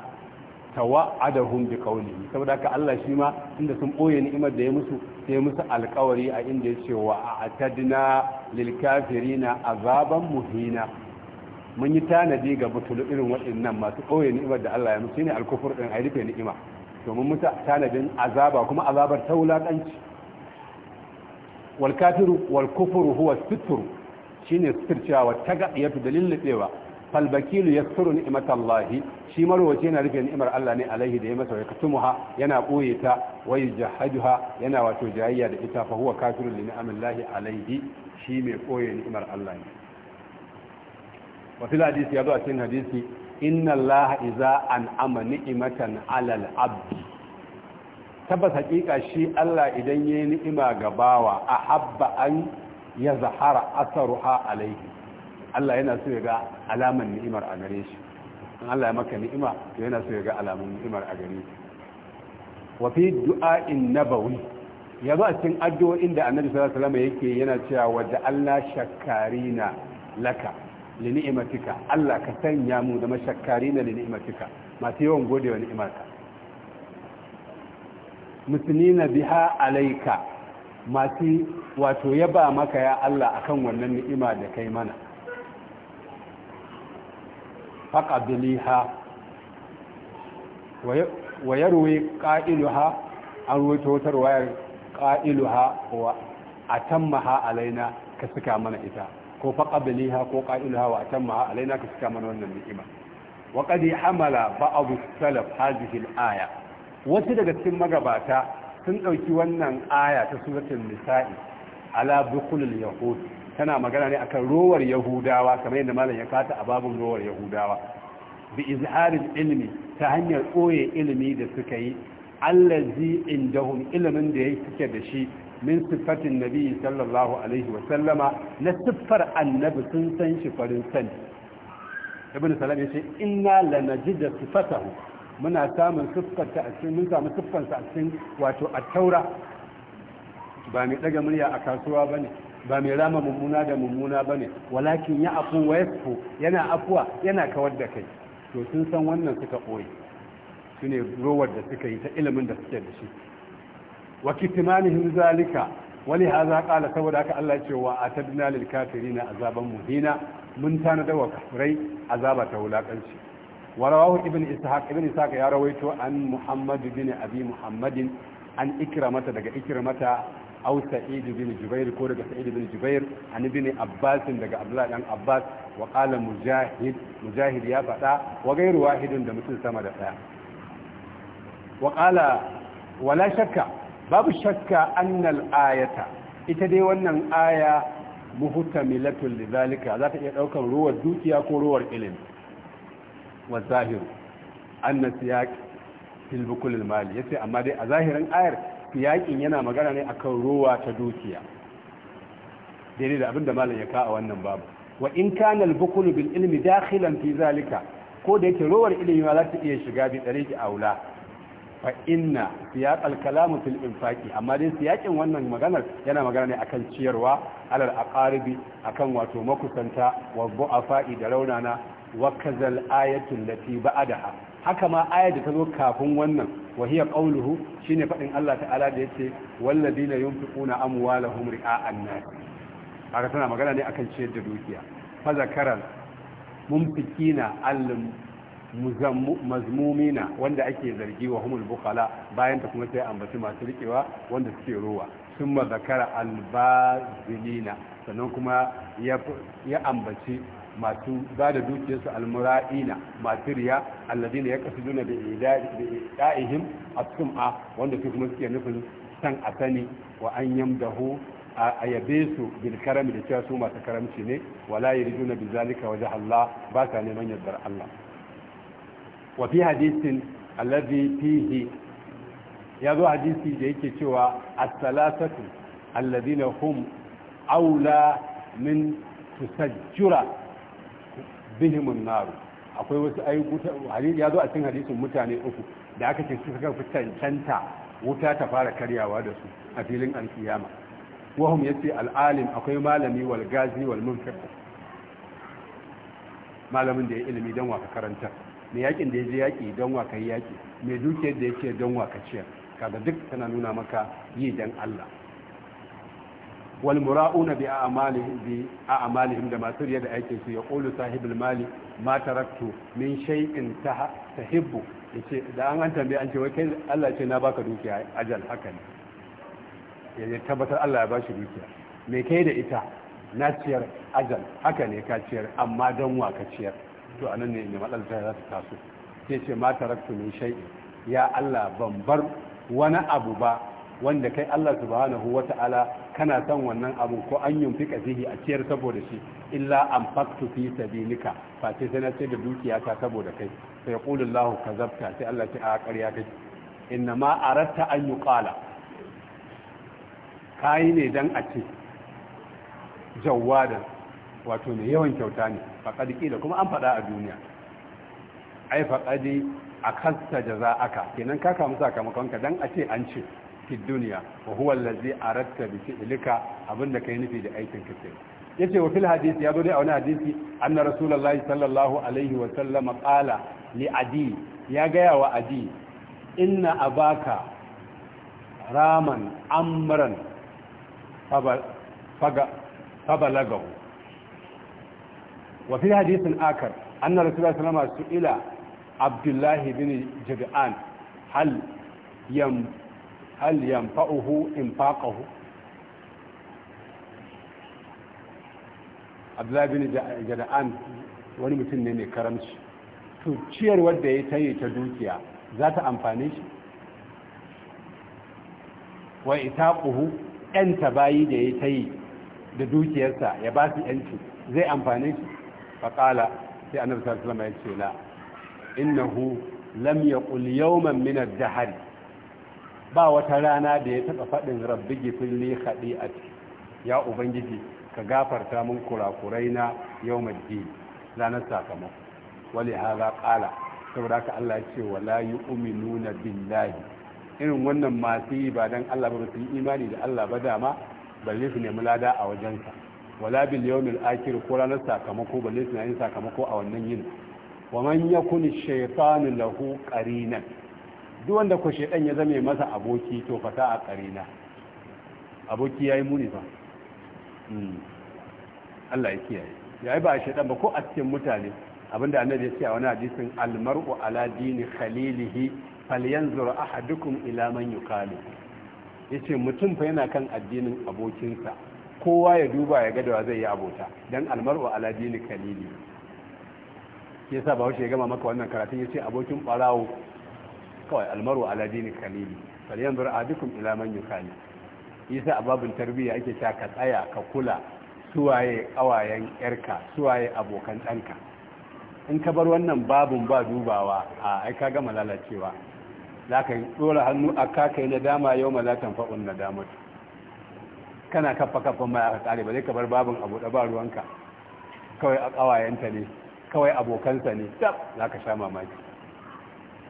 tawa'adahum bi qawlihi saboda ka Allah shi ma inda sun boye ni'imar da ya musu sai musu alƙawari a inda ya ce wa a'tadna lil na azaban muhina mun yi tanadi ga butulu irin waɗannan masu ƙauye ni'imar da Allah ya musu shine alkufur din a rufe ni'ima domin muta tanadin azaba kuma azabar ta wulaƙanci wal kafiru wal kufuru huwa sitr shine sitircewa ta gaɗiyatu da lullubewa falbakilu ya suru ni'imat Allah shi marwaci yana rufe ni'imar Allah ne alaihi da ya masa ya katumuha yana ɓoye ta wa yajhaduha yana wato jayayya da ita fa huwa kafirun li ni'amillahi alaihi shi mai ɓoye ni'imar Allah ne wasu hadisi ya zo a cikin hadisi inna Allah iza an ama ni'imatan alal abdi tabbas hakika shi Allah idan yayi ni'ima ga bawa habba an ya zahara asaruha alaihi Allah yana so ya ga alaman ni'imar a gare shi in Allah ya maka ni'ima to yana so ya ga alaman ni'imar a gare shi wa fi du'a'in nabawi ya ba cikin addu'o'in da Annabi sallallahu alaihi wasallam yake yana cewa wa ja'alna shakkarina laka lini'imatika Allah ka sanya mu da mashakkari na lini'imatika masu yawan gode wa ni'imarka na biha alaika masu wato yaba maka ya Allah akan wannan ni'ima da kai mana faqabiliha wa yarwi qa'iluha an ruwaito wata ruwayar qa'iluha wa ha alaina ka suka mana ita ko faqabliha ko qailuha wa atamma alaina ka cika mana wannan ni'ima wa qad hamala ba'du salaf hadhihi al-aya wasu daga cikin magabata sun dauki wannan aya ta suratul nisa'i ala buqulil yahud tana magana ne akan rowar yahudawa kamar yadda malam ya kata a babun rowar yahudawa bi izharil ilmi ta hanyar koye ilimi da suka yi allazi indahum ilimin da yake suke da shi min sifatin nabi sallallahu alaihi wa sallama na siffar annabi sun san shi farin sani ibn salam ya ce inna lanajida sifatahu muna samun siffarta a cikin mun samu siffarsa a cikin wato at-taura ba mai daga murya a kasuwa bane ba mai rama mummuna da mummuna bane walakin ya afu wa yasfu yana afuwa yana kawar da kai to sun san wannan suka koyi su ne rowar da suka yi ta ilimin da suke da shi wa kitmanihim zalika wali haza qala saboda haka Allah ya ce wa atadna lil kafirina azaban muhina mun tanada wa kafirai azaba ta wulakanci Warawahu rawahu ibn ishaq ibn ishaq ya rawaito an muhammad bin abi muhammadin an ikramata daga ikramata aw sa'id bin jubair ko daga sa'id bin jubair an ibn abbas daga abdullah dan abbas wa qala mujahid mujahid ya fada wa ghairu wahidin da mutum sama da daya wa qala wala shakka babu shakka annal ayata ita dai wannan aya muhtamilatul lidhalika za ta iya daukan ruwar dukiya ko ruwar ilimi wa zahiru anna siyaq fil bukul mal yace amma dai a zahirin ayar siyakin yana magana ne akan ruwa ta dukiya daidai da abinda malam ya kawo wannan babu wa in kana al-bukul bil ilmi dakhilan fi zalika ko da yake ruwar ilimi ma za ta iya shiga bi ki aula fa inna al-kalam fil infaqi amma dai siyakin wannan maganar yana magana ne akan ciyarwa alal aqaribi akan wato makusanta wa bu'afa'i da raunana wa kazal ayatu lati ba'daha haka ma ayatu da ta zo kafin wannan wa hiya qawluhu shine fadin Allah ta'ala da yace walladina yunfiquna amwalahum ri'a'an nas haka tana magana ne akan ciyar da dukiya fa zakaran mumfikina allam mazmumina wanda ake zargi wa humul bukala bayan ta kuma sai ambaci masu rikewa wanda suke ruwa sun mazakara albazilina sannan kuma ya ambaci masu ba da dukiyarsu almura'ina masu riya alladina ya kasu duna da da'ihim a sum'a wanda su kuma suke nufin san a sani wa an yamdahu a yabe su bil karami da cewa su masu karamci ne wala yarijuna bizalika wajh Allah ba sa neman yardar Allah wa hadisin allazi fihi ya zo hadisi da yake cewa as-salasatu allazina hum aula min tusajjura bihim an-nar akwai wasu ayyuka hadisi ya zo a cikin hadisin mutane uku da aka ce suka fi cancanta wuta ta fara karyawa da su a filin alkiyama wahum yace al-alim akwai malami wal gazi wal munfiq malamin da ya ilimi dan waka karantar mai yakin da ya je yaki don wa yi yaki mai dukiyar da ya ce don wa ciyar kaga duk tana nuna maka yi don Allah wal mura'una bi a'malihim bi a'malihim da masu riya da aikin su ya qulu sahibul mali ma taraktu min shay'in tahibbu yace da an tambaye an ce wai kai Allah ce na baka dukiya ajal haka ne ya tabbatar Allah ya bashi dukiya mai kai da ita na ciyar ajal haka ne ka ciyar amma don wa ka ciyar to anan ne ne matsalar za ta taso sai ce ma taraktu min shay'in ya Allah ban bar wani abu ba wanda kai Allah subhanahu wata'ala kana son wannan abu ko an yunfi kafihi a ciyar saboda shi illa an faktu fi sabilika fa sai na ce da dukiya ta saboda kai sai qulu Allah kazabta sai Allah ce a ƙarya kake inna ma aratta an yuqala kai ne dan a ce jawadan wato mai yawan kyauta ne faƙad ƙila kuma an faɗa a duniya ai faƙadi a kasta aka. kenan ka kamu sakamakonka dan a ce an ce fi duniya wa huwa allazi aratta abin da ka yi nufi da aikin ka Ya ce wa fil hadisi ya zo dai a wani hadisi anna Rasulallah sallallahu alaihi wa sallama qala li adi ya gaya wa adi inna abaka raman amran fabalaga wa fi hadisin akar anna rasulullahi sallallahu alaihi wasallam su'ila abdullahi bin jab'an hal yam hal yanfa'uhu infaqahu abdullahi bin jab'an wani mutum ne mai karamci to ciyar wanda ya tayi ta dukiya za ta amfane shi wa itaquhu yan bayi da ya tayi da dukiyarsa ya ba su yanci zai amfani shi faƙala sai annabi sallallahu alaihi wasallam ya ce la innahu lam yaqul yawman min ad-dahr ba wata rana da ya taba fadin rabbi gifirli khadi'ati ya ubangiji ka gafarta mun kurakurai na yawmuddin ranar sakamako wali hadha qala saboda ka Allah ya ce wala yu'minuna billahi irin wannan masu yi ba dan Allah ba su yi imani da Allah ba dama balle su nemi lada a wajensa wala bil yawmil akhir ko ranar sakamako balle suna yin sakamako a wannan yin wa man yakun shaytanu lahu qarina duk wanda ko shaytan ya zame masa aboki to fata a qarina aboki yayi muni fa hmm. Allah ya kiyaye yayi ba shaytan ba ko a cikin mutane abinda annabi ya ce a wani hadisin al mar'u ala dini khalilihi falyanzur ahadukum ila man yuqalu yace mutum fa yana kan addinin abokinsa kowa ya duba ya gadawa zai yi abota don almar'u ala kalili ya sa ba ya gama maka wannan karatun ya ce abokin barawo kawai almar'u ala dini kalili falyan bir adukum ila man yukali yasa a babin tarbiyya ake ta ka tsaya ka kula suwaye kawayen yarka suwaye abokan ɗanka in ka bar wannan babin ba dubawa a ai gama lalacewa za ka dora hannu a kakai na dama yau ma za ta fa'un na damatu kana kafa kafa ma aka kare ba zai kabar babin abu da ba ruwanka kawai a kawayenta ne kawai abokansa ne tab za ka sha mamaki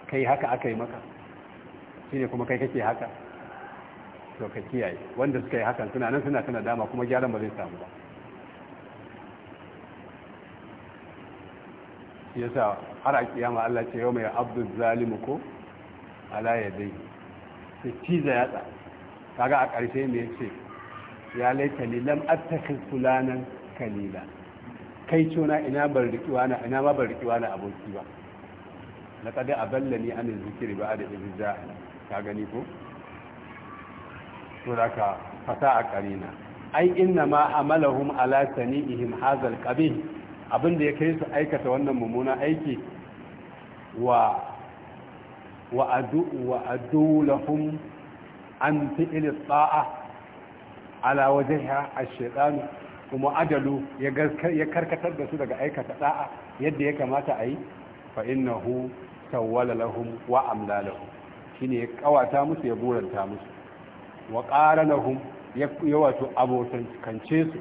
kai haka aka yi maka shi ne kuma kai kake haka to ka kiyaye wanda suka yi hakan suna nan suna tana dama kuma gyaran ba zai samu ba yasa har a kiyama Allah ce yau mai abdul zalimu ko ala ya yadai sai ciza yatsa kaga a ƙarshe me ce ya laita ni lam attakhid fulanan kalila kai cuna ina bar rikiwa na ina ma bar rikiwa na aboki ba balla aballani an zikri ba da izza ka gani ko to ka fata a karina ai inna ma amalahum ala sani'ihim hazal qabih abinda ya kai su aikata wannan mummunan aiki wa wa adu wa adu lahum an fi'l ta'a ala waje ash-shaytan kuma adalu ya karkatar da su daga aikata da'a yadda ya kamata a yi fa innahu sawwala lahum wa amla lahum shine ya kawata musu ya buranta musu wa qala lahum ya wato abotan kance su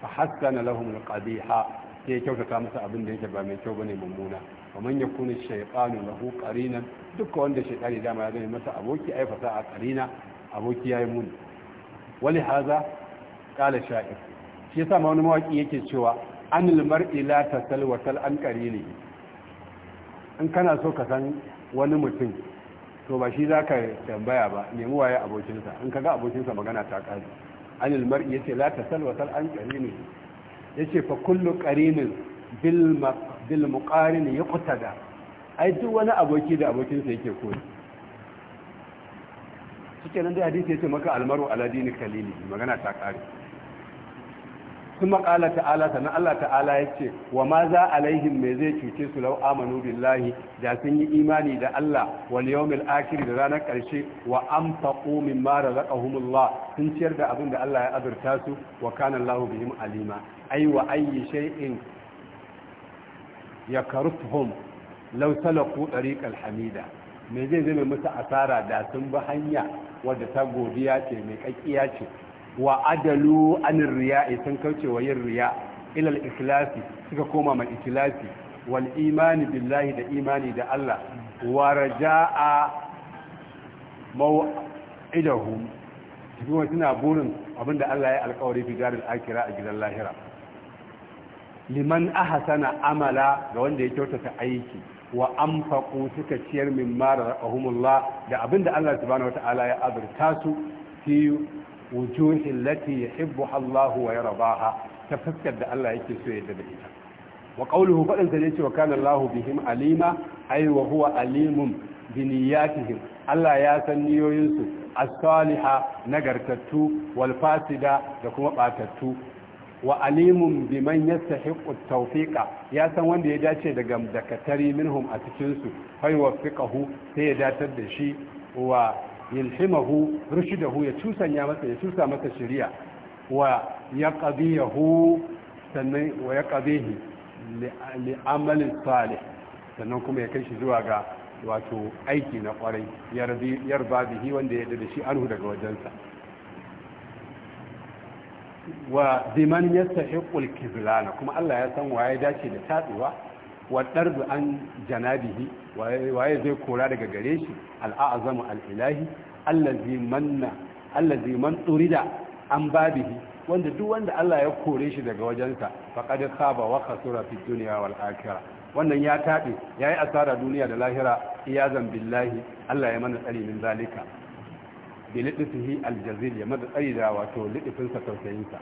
fa hassana lahum al sai ya kyautata musu abin da yake ba mai kyau bane mummuna wa man yakunu shaytanu lahu qarinan duk wanda shaytani dama ya zama masa aboki ai fasaha qarina aboki yayi muni wali haza kala sha'ir shi yasa ma wani mawaki yake cewa anil mar'i la tasal wa tal an qarini in kana so ka san wani mutum to ba shi zaka tambaya ba nemi waye abokinsa in kaga abokinsa magana ta kaji anil mar'i yace la tasal wa tal an qarini yace fa kullu qarinin bil bil muqarin yuqtada ai duk wani aboki da abokinsa yake koyi suke nan da hadisi yace maka almaru ala dini kalili magana ta kare kuma qala ta'ala sannan Allah ta'ala ya ce wa ma za alaihim me zai cuce su law amanu billahi da sun yi imani da Allah wal yawmil akhir da ranar karshe wa anfaqu mimma razaqahumullah sun ciyar da abin da Allah ya azurta su wa kana Allahu bihim alima ai wa ayyi shay'in yakaruhum law salaku tariqal hamida me zai zame musu asara da sun bi hanya wadda ta godiya ce mai kakkiya ce wa adalu anir riya'i eh, sun kauce wa yin riya ilal ikhlasi suka koma mai ikhlasi wal imani billahi da imani da Allah wa raja'a maw'idahum kuma suna burin abinda Allah ya alkawari fi garin akira a gidan lahira liman ahsana amala ga wanda ya kyautata aiki wa anfaqu suka ciyar min ma razaqahumullah da abinda Allah subhanahu ta'ala ya azurta su fi ya allati yuhibbuha Allah wa yardaha ta fuskar da Allah yake so ya da ita wa qawluhu fadan sa ne cewa kana Allah bihim alima ay wa huwa alimun bi Allah ya san niyoyinsu as-saliha nagartattu wal fasida da kuma batattu wa alimun biman yastahiqu tawfiqa ya san wanda ya dace daga dakatari minhum a cikin su fa yuwaffiqahu sai ya datar da shi wa yalhimahu rushdahu ya tusanya masa ya tusa masa shari'a wa yaqdiyahu sannan wa yaqdihi li amali salih sannan kuma ya kai shi zuwa ga wato aiki na kwarai yarda bihi wanda ya da shi anhu daga wajensa wa biman yastahiqul kiblana kuma Allah ya san waye dace da tatsuwa wa darbu an janabihi waye zai kora daga gare shi al'azamu al'ilahi allazi manna allazi man turida an babihi wanda duk wanda Allah ya kore shi daga wajensa faqad khaba wa khasura fi dunya wal akhirah wannan ya tabe yayi asara duniya da lahira iyazan billahi Allah ya mana tsari min zalika bi lidfihi aljazil ya mada tsari da wato lidfin tausayinsa.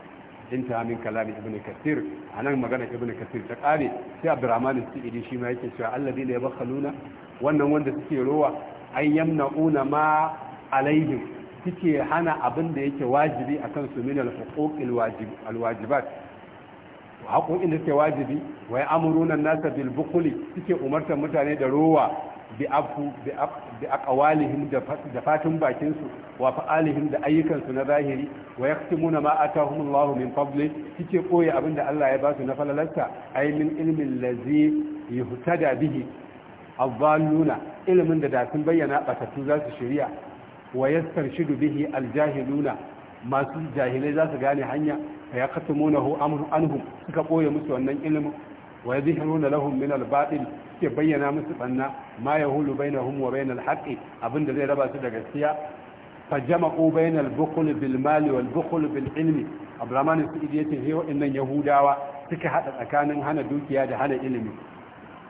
In ta inta min kalami ibn kathir anan magana ibn kathir ta kare sai abdurrahman as-sa'idi shi ma yake cewa la yabkhaluna wannan wanda suke rowa ay yamnauna ma alaihim suke hana abin da yake wajibi akan su min al-huquq alwajibat haƙoƙin da suke wajibi wai amuruna nasa bil bukuli suke umartar mutane da rowa bi aqwalihim da fatin bakin su wa fa'alihim da ayyukan su na zahiri wa yaktumuna ma atahum Allahu min fadli kike koyi abinda Allah ya ba su na falalarsa ay min ilmin lazi yuhtada bihi adh-dhalluna ilmin da da sun bayyana batatu za su shari'a wa yastarshidu bihi al-jahiluna masu jahilai za su gane hanya fa yakatumunahu anhum suka koye musu wannan ilimin wa yadhhiruna lahum min al-batil suke bayyana musu banna ma yahulu bainahum wa bainal abinda zai raba su da gaskiya fajama'u bainal bukhl bil mali wal bil ilmi abdurrahman sa'idi yace he yahudawa suka hada tsakanin hana dukiya da hana ilimi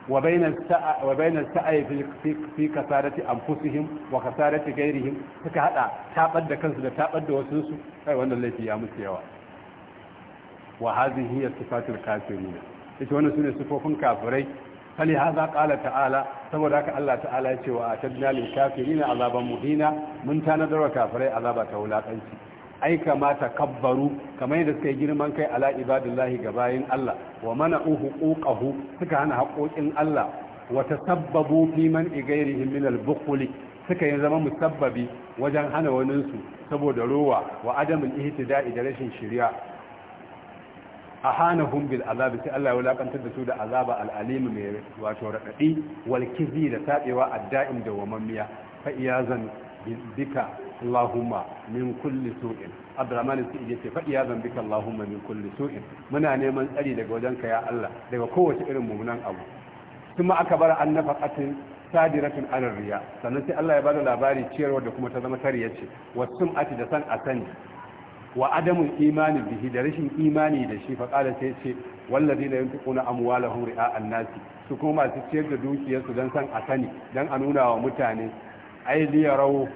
wa bainal sa'a fi wa kasarati suka da kansu da da wasu su kai wannan laifi ya musu yawa wa hadhihi hiya sifatul ita wannan sune sifofin kafirai fali haza qala ta'ala saboda haka Allah ta'ala ya a wa atadna lil kafirin mu muhina mun tanadar wa kafirai azaba ta wulakanci ai kamata kabbaru kamar da suka yi girman kai ala ibadillahi ga bayan Allah wa mana'u huquqahu suka hana haƙoƙin Allah wa tasabbabu fi man igairihim min al-bukhli suka yi zama musabbabi wajen hana waninsu saboda rowa wa adamin ihtida'i da rashin shiriya a hana humbil azabi sai Allah ya wulakantar da su da azaba al'alimi mai wato raɗaɗi walkizi da taɓewa a da'in da wamammiya fa zan bika Allahumma min kulli su'in Abdurrahman sai ya ce ya zan bika Allahumma min kulli su'in muna neman tsari daga wajen ka ya Allah daga kowace irin mummunan abu kuma aka bar annafaqatin sadiratun alal riya sannan sai Allah ya bada labari ciyarwa da kuma ta zama tariya ce sun ati da san asani wa adamun imani bihi da rashin imani da shi faƙala sai ce wallazi da yanzu kuna amwalahum ri'a'an nasi su kuma masu ciyar da dukiyarsu don san a sani don a nuna wa mutane ai liyarauhum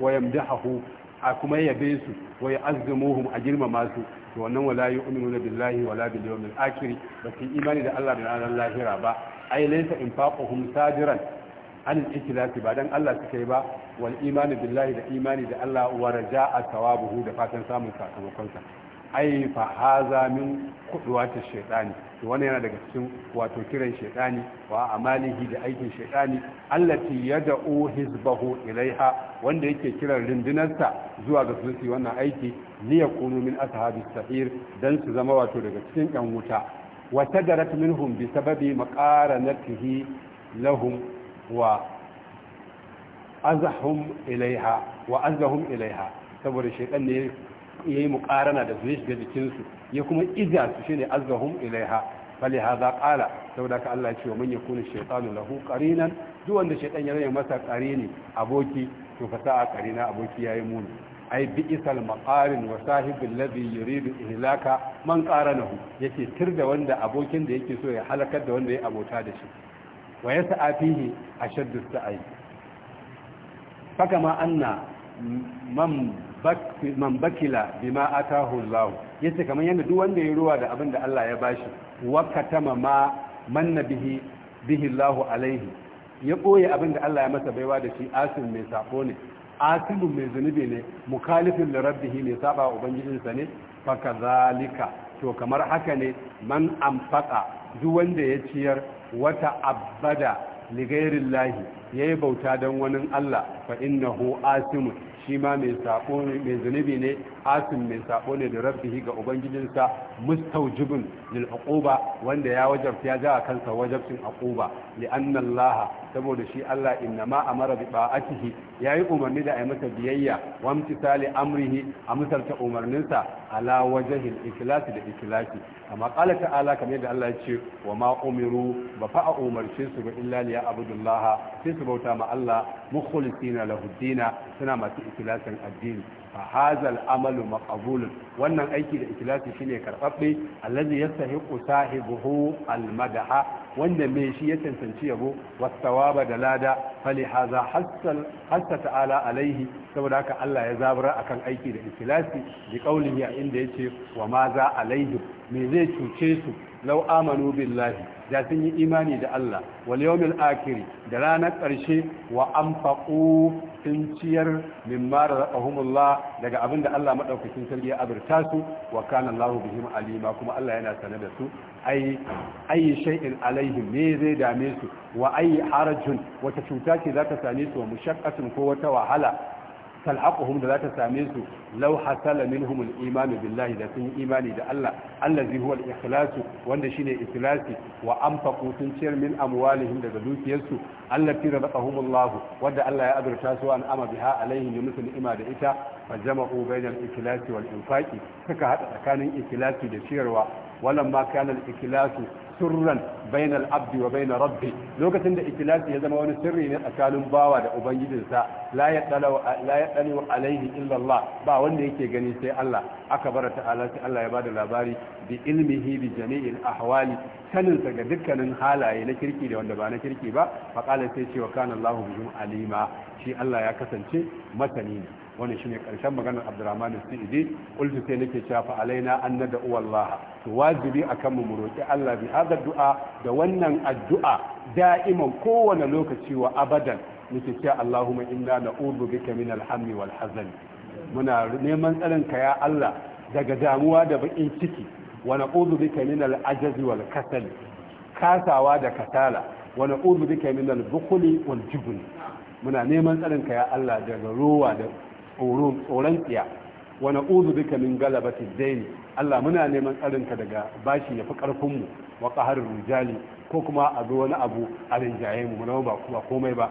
wa yamdahu a kuma yabe su wa ya'azzimuhum a girmama su to wannan wala yu'minuna billahi wala bil yawmil akhir ba su imani da Allah da ranar lahira ba ai laysa infaquhum sadiran an ikhlasi ba dan Allah suka yi ba wal imani billahi da imani da Allah wa raja'a thawabuhu da fatan samun sakamakon sa ai fa haza min ta shaytani to wannan yana daga cikin wato kiran shaytani wa amalihi da aikin shaytani allati yad'u hizbahu ilaiha wanda yake kiran rundunarsa zuwa ga su wannan aiki li yakunu min ashabis sahir dan su zama wato daga cikin yan wuta wa tajarat minhum bi sababi maqaranatihi lahum wa azahum ilaiha wa azahum ilaiha saboda shaytan ne yayi muqarana da su ya shiga jikin ya kuma ija su shine azahum ilaiha fali hadha qala saboda ka Allah ya ce wa man yakunu shaytanu lahu qarinan duk wanda shaytan ya rage masa qarini aboki to fasaha sa'a qarina aboki yayi muni ai bi isal maqarin wa sahibul ladhi yuridu ihlaka man qaranahu yace tir da wanda abokin da yake so ya halakar da wanda ya abota da shi wa yas'a a ashaddu sa'i fakama anna man man bakila bima atahu Allah yace kaman yanda duk wanda ya ruwa da abin da Allah ya bashi wa katama ma manna bihi bihi Allah alaihi ya boye abin da Allah ya masa baiwa da shi asim mai sako ne asimun mai zunubi ne mukalifin da rabbihi ne saba ubangijinsa ne fakazalika to kamar haka ne man amfaka duk wanda ya ciyar wata abada ligairin lahi ya yi bauta don wani Allah fa innahu asimun shi ma mai sabo ne zunubi ne asim mai sabo ne da rabbihi ga ubangijinsa mustaujibin lil uquba wanda ya wajabta ya ga kansa wajabcin uquba li anna allah saboda shi allah inna ma amara bi ba'atihi yayi umarni da ayi masa biyayya wa imtisali amrihi a misalta umarninsa ala wajhil ikhlasi da ikhlasi amma qala ta'ala kamar da allah ya ce wa ma umiru ba fa umarce su ga illa liya abudullah sai su bauta ma allah مخلصين له الدين سنما تئتلاسا الدين fa hazal amalu maqbulun wannan aiki da ikhlasi shine karbabbe allazi yastahiqu sahibuhu almadaha wanda me shi ya tantance yabo wasawaba da lada fali haza hassal hassa ta'ala alaihi saboda haka Allah ya zabura akan aiki da ikhlasi bi qaulihi inda yace wa ma za alaihi me zai cuce su law amanu billahi da sun yi imani da Allah wal yawmil akhir da ranar ƙarshe wa anfaqu sun ciyar mimma razaqahumullah daga abin da Allah maɗaukacin sarki ya azurta su wa kana Allahu bihim alima kuma Allah yana sane da su ai ayi shay'in alaihim me zai dame su wa ayi harajun wata cuta ce za ta same su wa mushaqqatun ko wata wahala talhaquhum da zata same su law hasala minhum al-iman billahi da sun imani da Allah allazi huwa al-ikhlas wanda shine ikhlasi wa anfaqu sun ciyar min amwalihim daga dukiyarsu allati razaqahum Allah wanda Allah ya azurta su an ama biha alaihim yunus ni'ima da ita fa jama'u bainal ikhlasi wal infaqi suka hada tsakanin ikhlasi da ciyarwa walamma kana al-ikhlasu sirran bainal abdi wa bainar rabbi lokacin da ikhlasi ya zama wani sirri ne tsakanin bawa da ubangijinsa la yaqalu la yaqalu alaihi illallah ba wanda yake gani sai Allah aka bara ta'ala sai Allah ya da labari bi ilmihi bi jami'il ahwali sanin ga dukkanin halaye na kirki da wanda ba na kirki ba faqala sai ce wa kana Allahu alima shi Allah ya kasance masani ne wannan shine karshen maganar Abdurrahman al-Sa'idi sai nake cewa alaina Annada nada wallah to wajibi akan mu mu roki Allah bi hada du'a da wannan addu'a da'iman kowane lokaci wa abadan nake cewa Allahumma inna na'udhu bika min al-hammi wal hazan muna neman tsarin ka ya Allah daga damuwa da bakin ciki wa na'udhu bika min al-ajzi wal kasal kasawa da kasala wa na'udhu bika min al-bukhli wal jubn muna neman tsarin ka ya Allah daga rowa da tsoron tsiya wa uzu duka min galabati dayn Allah muna neman tsarinka daga bashi yafi karfin mu wa qaharir rijali ko kuma a zo wani abu a rinjaye mu mu ba kuma komai ba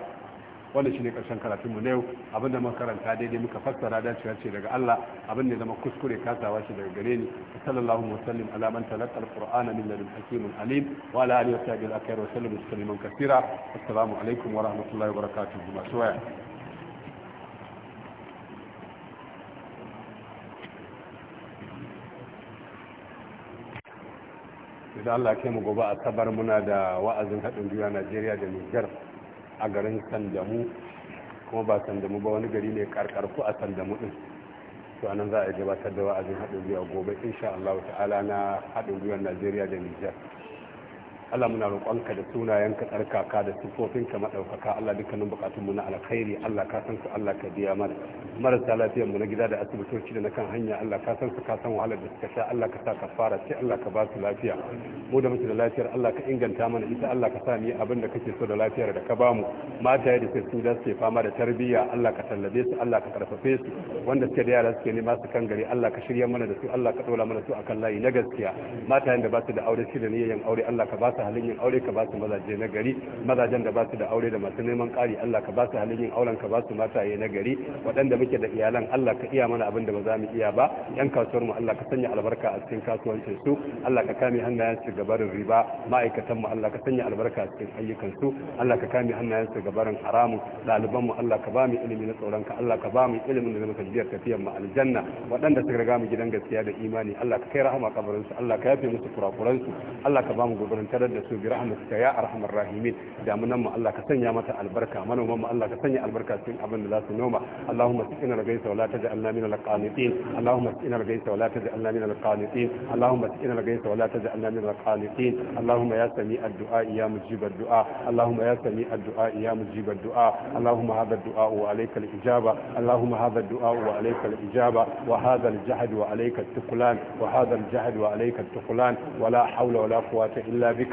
wanda shine karshen karatun mu yau abinda muka karanta daidai muka fassara dacewa ce daga Allah abin da zama kuskure kasawa shi daga gare ni sallallahu wa sallim ala man talaqa alqur'ana min ladun hakimin alim wa ala alihi wa sahbihi al wa sallam tasliman kaseera assalamu alaikum wa rahmatullahi wa barakatuh masu waya idan Allah kai mu gobe a sabar muna da wa'azin haɗin gwiwa Najeriya da nijar a garin Sandamu kuma ba Sandamu ba wani gari ne karkarku a Sandamu din to anan za a gabatar da wa'azin haɗin gwiwa gobe insha Allah ta'ala na haɗin gwiwa Najeriya da nijar. Allah muna roƙonka da sunayenka tsarkaka da sufofinka maɗaukaka Allah dukkanin bukatunmu na alkhairi Allah ka san su Allah ka biya mana marasa lafiyar mu na gida da asibitoci da na kan hanya Allah ka san su ka san wahalar da suka sha Allah ka sa ka fara sai Allah ka ba su lafiya mu da muke da lafiyar Allah ka inganta mana ita Allah ka sa ni abin da kake so da lafiyar da ka bamu mataye da su da suke fama da tarbiyya Allah ka tallabe su Allah ka karfafe su wanda suke da yara suke nema su kan gari Allah ka shirya mana da su Allah ka dola mana su akan layi na gaskiya mata da ba su da aure shi da niyyar aure Allah ka ba su su halin yin aure ka ba su mazaje na gari mazajen da ba su da aure da masu neman ƙari Allah ka ba su halin yin auren ka ba su mataye na gari waɗanda muke da iyalan Allah ka iya mana abin da ba za mu iya ba yan kasuwar mu Allah ka sanya albarka a cikin kasuwancin su Allah ka kame hannayen su gabarin riba ma'aikatan mu Allah ka sanya albarka a cikin ayyukan su Allah ka kame hannayen su gabarin haramun ɗaliban mu Allah ka ba mu ilimi na tsoron ka Allah ka ba mu ilimin da zai maka jiyar tafiyar mu aljanna waɗanda suka riga mu gidan gaskiya da imani Allah ka kai rahama kabarin su Allah ka yafe musu kurakuran su Allah ka ba mu gudurin tare da su bi rahmatika ya arhamar rahimin damunan mu Allah ka sanya mata albarka manoman mu Allah ka sanya albarka cikin abin da za su noma Allahumma sikina ragaita wala taj'alna min al-qanitin Allahumma sikina ragaita wala taj'alna min al-qanitin Allahumma sikina ragaita wala taj'alna min al-qanitin Allahumma ya sami ad-du'a ya mujib ad-du'a Allahumma ya sami ad-du'a ya mujib ad-du'a Allahumma hadha ad-du'a wa alayka al-ijaba Allahumma hadha ad-du'a wa alayka al-ijaba wa hadha al-jahd wa alayka wa التقلان وهذا الجهد وعليك التقلان ولا حول ولا قوة إلا بك